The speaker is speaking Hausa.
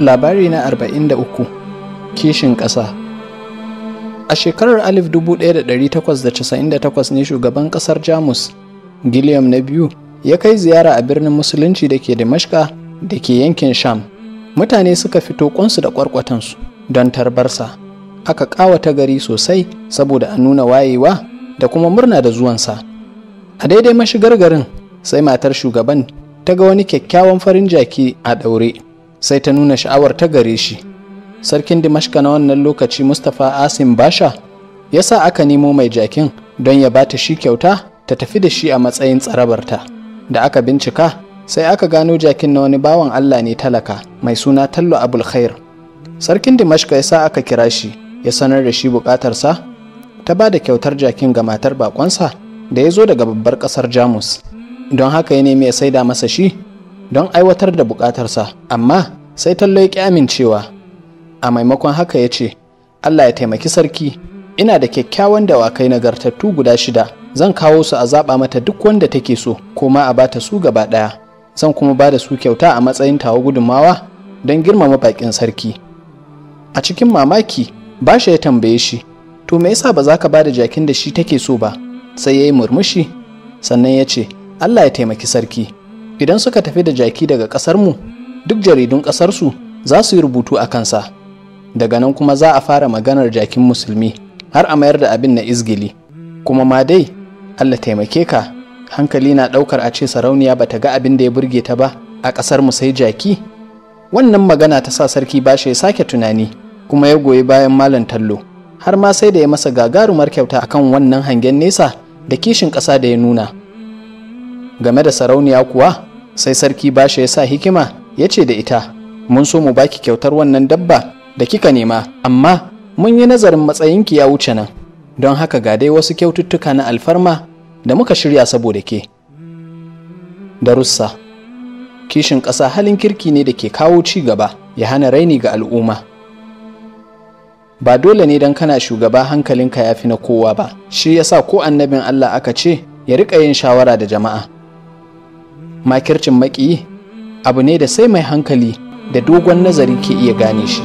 Labari na 43 Kishin ƙasa A shekarar 1898 ne shugaban ƙasar Jamus, Gilliam na biyu, ya kai ziyara a birnin Musulunci da ke Dimashka da ke yankin Sham. Mutane suka fito ƙunsu da ƙwarƙwatansu don tarbarsa. Aka ƙawata gari sosai saboda a nuna wayewa da kuma murna da zuwansa. A daidai mashigar garin sai matar shugaban ta ga wani kyakkyawan farin jaki a ɗaure sai ta nuna sha'awar ta gare shi sarkin dimashka na wannan lokaci mustapha asim basha ya sa aka nemo mai jakin don ya ba ta shi kyauta ta tafi da shi a matsayin tsarabarta da aka bincika sai aka gano jakin na wani bawan allah ne talaka mai suna tallo abul khair sarkin dimashka ya sa aka kira shi ya sanar da shi bukatarsa ta ba da kyautar jakin ga matar bakonsa da ya zo daga babbar kasar jamus don haka ya nemi ya saida masa shi don aiwatar da bukatarsa amma sai tallo ya ƙi amincewa a maimakon haka ya ce allah ya taimaki sarki ina da kyakkyawan dawakai nagartattu guda shida zan kawo su a zaɓa mata duk wanda take so ko ma a bata su gaba ɗaya zan kuma ba da su kyauta a matsayin tawa gudunmawa don girmama baƙin sarki a cikin mamaki bashi ya tambaye shi to me yasa ba za ka ba da jakin da shi take so ba sai ya yi murmushi sannan ya ce Allah ya taimaki sarki idan suka tafi da jaki daga ƙasarmu duk jaridun ƙasarsu za su yi rubutu a kansa daga nan kuma za a fara maganar jakin musulmi har a mayar da abin na izgili kuma ma dai Allah taimake ka hankali na ɗaukar a ce sarauniya ba ta ga abin da ya burge ta ba a ƙasar mu sai jaki wannan magana ta sa sarki bashi ya sake tunani kuma ya goyi bayan malam tallo har ma sai da ya masa gagarumar kyauta akan wannan hangen nesa da kishin ƙasa da ya nuna game da sarauniya kuwa sai sarki bashi ya sa hikima ya ce da ita mun so mu baki kyautar wannan dabba da kika nema amma mun yi nazarin matsayinki ya wuce nan don haka ga dai wasu kyaututtuka na alfarma da muka shirya saboda ke darussa kishin ƙasa halin kirki ne da ke kawo ci gaba ya hana raini ga al'umma ba dole ne don kana shugaba hankalinka ya fi na kowa ba shi ya sa ko annabin allah aka ce ya riƙa yin shawara da jama'a makircin maƙiyi abu ne da sai mai hankali da dogon nazari ke iya gane shi.